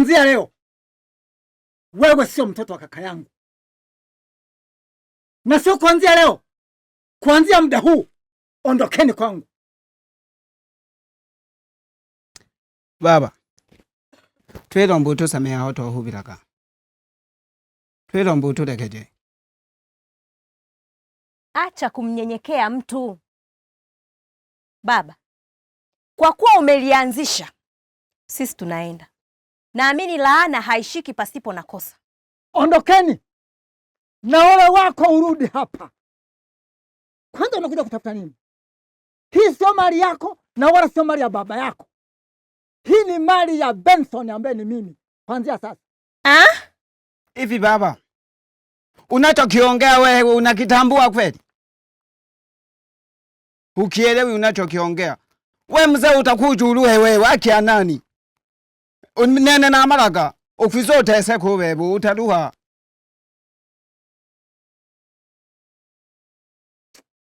kuanzia leo wewe sio mtoto wa kaka yangu, na sio kuanzia leo, kuanzia muda huu ondokeni kwangu. Baba twilomba utusameha tohuvilaka twilomba utulekeje. Acha kumnyenyekea mtu baba, kwa kuwa umelianzisha, sisi tunaenda Naamini laana haishiki pasipo na kosa. Ondokeni na ole wako, urudi hapa kwanza. Unakuja kutafuta nini? Hii sio mali yako na wala sio mali ya baba yako. Hii ni mali ya Benson ambaye ni mimi kwanzia sasa. Ah? Hivi baba, unachokiongea wewe unakitambua kweli? Ukielewi unachokiongea we mzee, utakuja uruhe wewe, akia nani? Nene maraka ofisi zote seko bebo utaruha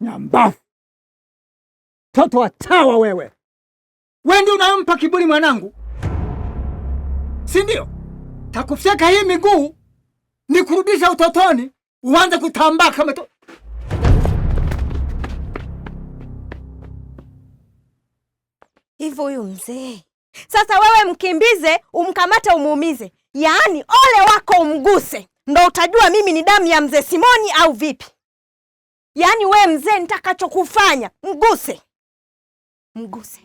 nyambafu, mtoto wa tawa wewe. We ndio unampa kiburi mwanangu, si ndio? Takufyeka hii miguu nikurudisha utotoni, uanze kutambaa kama to... hivyo huyu mzee sasa wewe mkimbize, umkamate, umuumize, yaani ole wako umguse, ndo utajua mimi ni damu ya mzee Simoni au vipi? Yaani we mzee, nitakachokufanya mguse, mguse.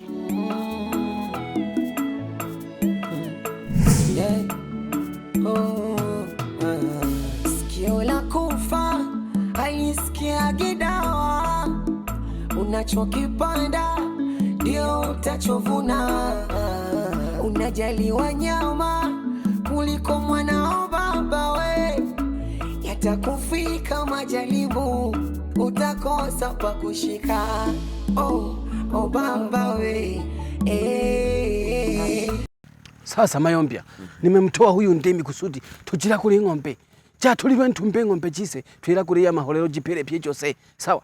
Oh, uh, sikio unachokipanda ndio utachovuna. Tunajaliwa wanyama kuliko mwanao baba we, yatakufika majaribu, utakosa pa kushika. Oh, oh baba we eh. Sasa mayombya Nimemtoa huyu ndemi kusudi tujira kuli ng'ombe ja tulirwe ntumbe ng'ombe jise twira kuli ya maholero jipere pye jose sawa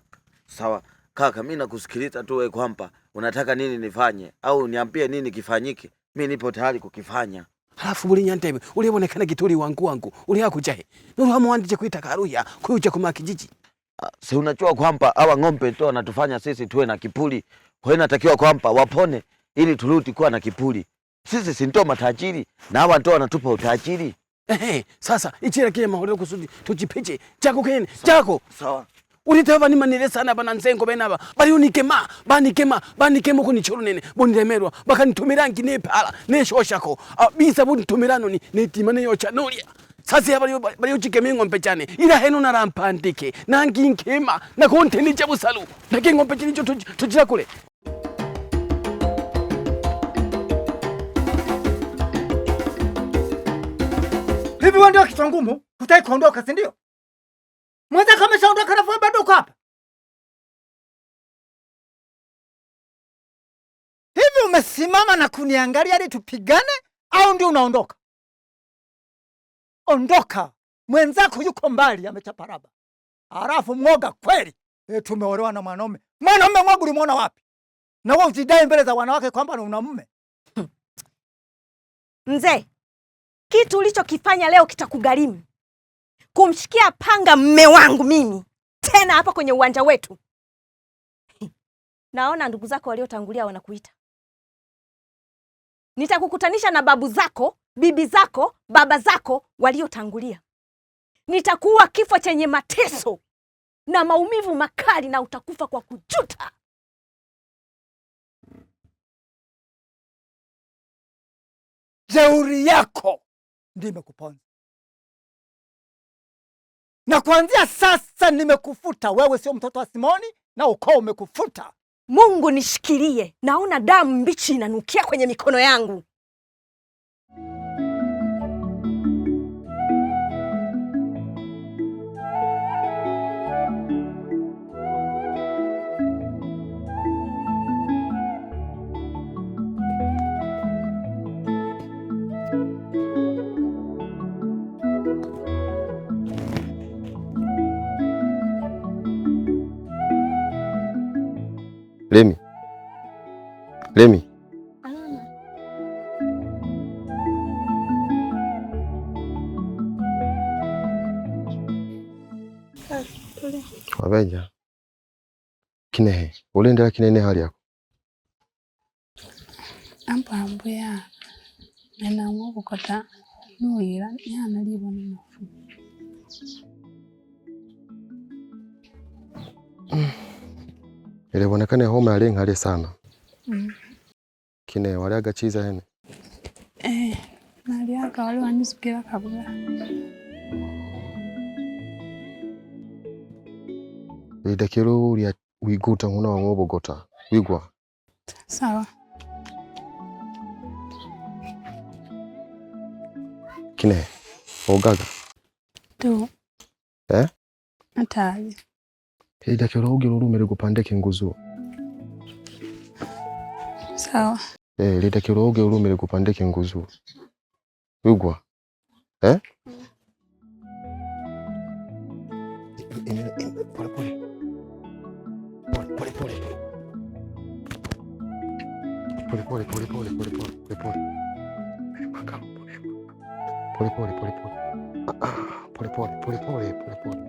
sawa. Kaka, mimi nakusikiliza tu wewe, kwamba unataka nini nifanye au niambie nini kifanyike? mi nipo tayari kukifanya. Halafu buli nyantebe ulibonekana kituli wangu wangu nuru nuluhamuwandije kuita karuya kuyuja kuma kijiji ah, si unachua kwamba hawa ng'ombe tu wanatufanya sisi tuwe na kipuli. Kwa hiyo natakiwa kwamba wapone ili turudi kuwa na kipuli. Sisi si ndio matajiri na hawa ndio wanatupa utajiri. Ehe, sasa ichira kile mahoro kusudi tujipiche chako kene chako. Sawa uritheva sana bana nzengo bena ba unikema bani bani kema kema kuni choro nene boni demero baka pala nsengo benava bayunikema banikema banikema kunichurunene bonilemerwa bakanitumirangi nephala neshoshako bisa sasa ya neyochanulya sasi baliochikema ing'ombe chane ila heno narampandike nangi nkema nakontendija busalu nake ing'ombe chinicho tuchira kule hivi wewe ndio kitangumu? ngumu, hutaki kuondoka, si ndio? Mwanza kama shaondoka umesimama na kuniangalia ili tupigane au ndio unaondoka? Ondoka, mwenzako yuko mbali, amechaparaba. Alafu mwoga kweli, e, tumeolewa na mwanaume. Mwanaume mwoga ulimwona wapi? Na wewe ujidai mbele za wanawake kwamba una mume hmm. mzee. Kitu ulichokifanya leo kitakugharimu, kumshikia panga mme wangu mimi, tena hapa kwenye uwanja wetu. Naona ndugu zako waliotangulia wanakuita Nitakukutanisha na babu zako, bibi zako, baba zako waliotangulia. Nitakuua kifo chenye mateso na maumivu makali, na utakufa kwa kujuta. Jeuri yako ndiyo imekuponza, na kuanzia sasa nimekufuta. Wewe sio mtoto wa Simoni na ukoo umekufuta. Mungu nishikilie, naona damu mbichi inanukia kwenye mikono yangu. Lemi. Wabeja Kinehe, uliendelea Kinehe hali yako ampo ambuya nenang'wa okukota nuwira yana libona nafu ilibonekana homa yalinghali sana kine waliagachiza hene eh, nalyaga wali wanizukira kabula lidakilo lya wiguta wa ngobogota wigwa sawa kine ogaga tu eh? ataali lidakilo ugila ulumile kupandika nguzuo sawa Eh, litakiroge ulume likupandike nguzu ugwa eh? Polepole polepole polepole.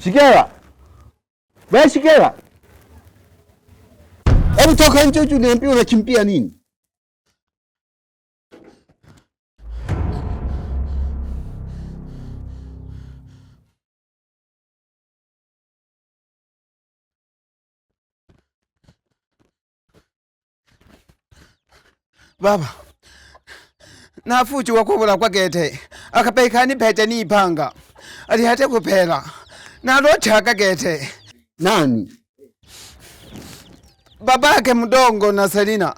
Shikela, baya Shikela, hebu toka nje huju, niambie unakimbia nini? Baba nafuchuwa kwa kwagete akapeikani pete ni ipanga kupela nalothaka kete nani babake mdongo na Selina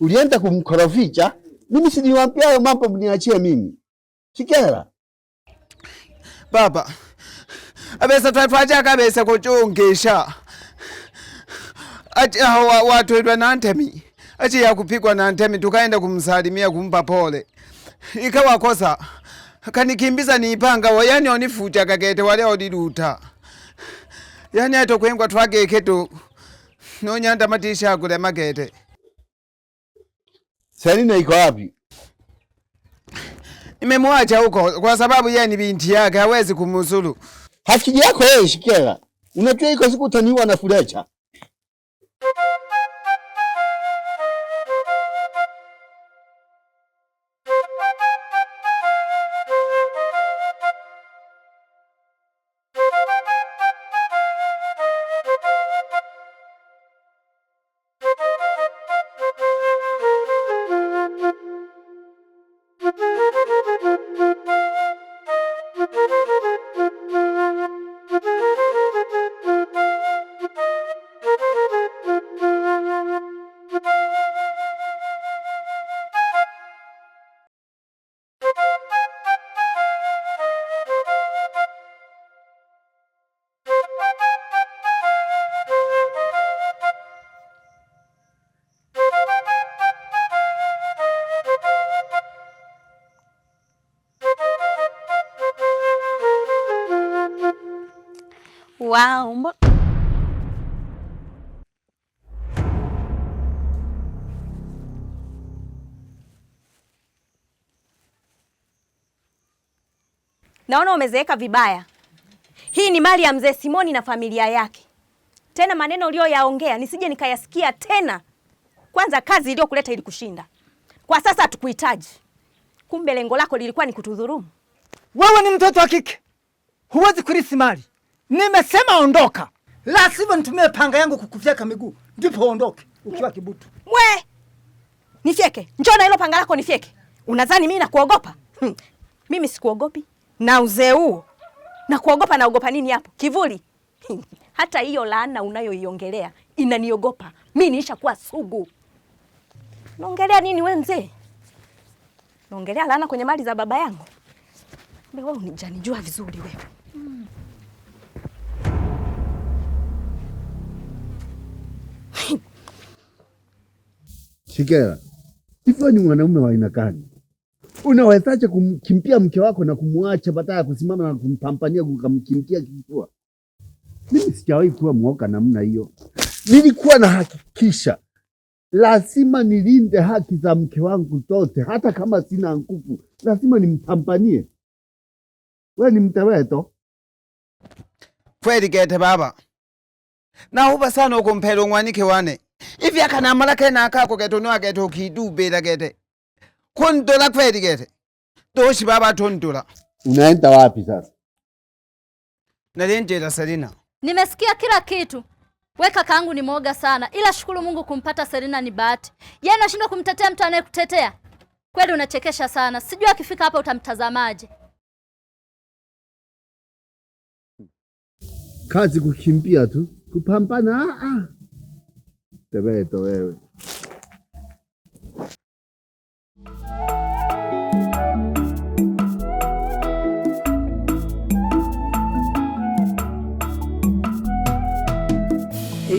ulienda kumkoroficha. Mimi siniwaambia hayo mambo, mniachie mimi. Shikela baba abesa twatwachaka kabesa kuchungisha ati na ntemi achi yakupigwa na ntemi, tukaenda kumsalimia kumpa pole, ikawakosa kanikimbiza wa yani onifuja kakete wale odiluta yani ate okwengwa no nyanda matisha agule makete Selina iko wapi? Nimemwacha huko kwa sababu yeye ni binti yake hawezi kumuzulu. Hafiki yako yeye shikela. Unajua iko siku utaniwa na fulecha. Wow. Naona umezeeka vibaya. Hii ni mali ya mzee Simoni na familia yake. Tena maneno uliyoyaongea nisije nikayasikia tena. Kwanza kazi iliyokuleta ili kushinda Kwa sasa hatukuhitaji. Kumbe lengo lako lilikuwa ni kutudhurumu. Wewe ni mtoto wa kike, huwezi kurithi mali. Nimesema ondoka, la sivyo nitumie panga yangu kukufyeka miguu, ndipo uondoke ukiwa kibutu. We nifyeke, njoo na hilo panga lako nifyeke. Unadhani mimi nakuogopa? Hmm. Mimi sikuogopi na uzee huo na kuogopa, naogopa nini hapo kivuli? Hmm. Hata hiyo laana unayoiongelea inaniogopa mi, kuwa sugu. Naongelea nini we mzee? Naongelea laana kwenye mali za baba yangu? Wewe unijanijua vizuri wewe. Shikela, hivyo ni mwanaume wa aina gani? Unawezaje kumkimbia mke wako na kumwacha baadaye kusimama na kumpampania kukamkimkia kifua? Mimi sijawahi kuwa mwoka namna hiyo. Nilikuwa nahakikisha lazima nilinde haki za mke wangu zote, hata kama sina nguvu, lazima nimpambanie. We ni mteweto kweli, Gete baba, nahupa sana ukumpela ng'wanike wane na no ki be ivi akhanamala kun akhakho la ono akete ukhiituupeta kete khuntula kweli kete toshi babathu ontula unaenda wapi sasa nalenjera selina nimesikia kila kitu we kakaangu ni mwoga sana ila shukuru mungu kumpata selina ni bahati yeye anashindwa kumtetea mtu anayekutetea kweli unachekesha sana sijui akifika hapa utamtazamaje kazi kukimbia tu kupambana ah, ah. Тебе ni tọrẹ rẹ̀.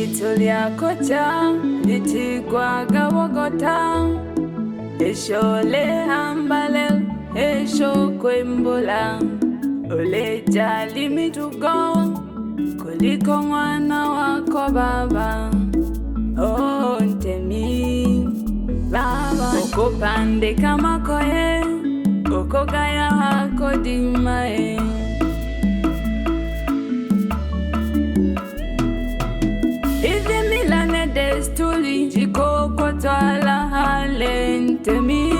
Itu lyakokya litigwaga wogota esho lehambale esho kwembula uleja limitugo kuliko mwana wako baba Oh, ntemi okopande okopandeka makoye okogaya hako dimae hivi destuli, ne desturi jikokotwala hale ntemi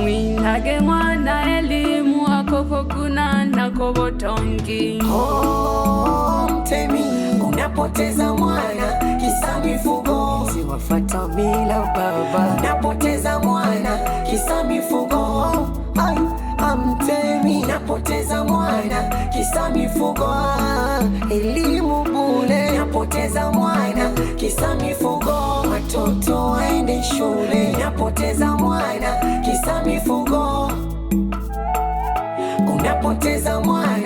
mwinage mwa Kobotongi. Oh, mtemi unapoteza mwana kisa mifugo, siwafata bila baba, unapoteza mwana kisa mifugo. Ai, amtemi unapoteza mwana kisa mifugo, elimu bule, unapoteza mwana kisa mifugo, watoto waende shule, unapoteza mwana kisa mifugo utapoteza mwana.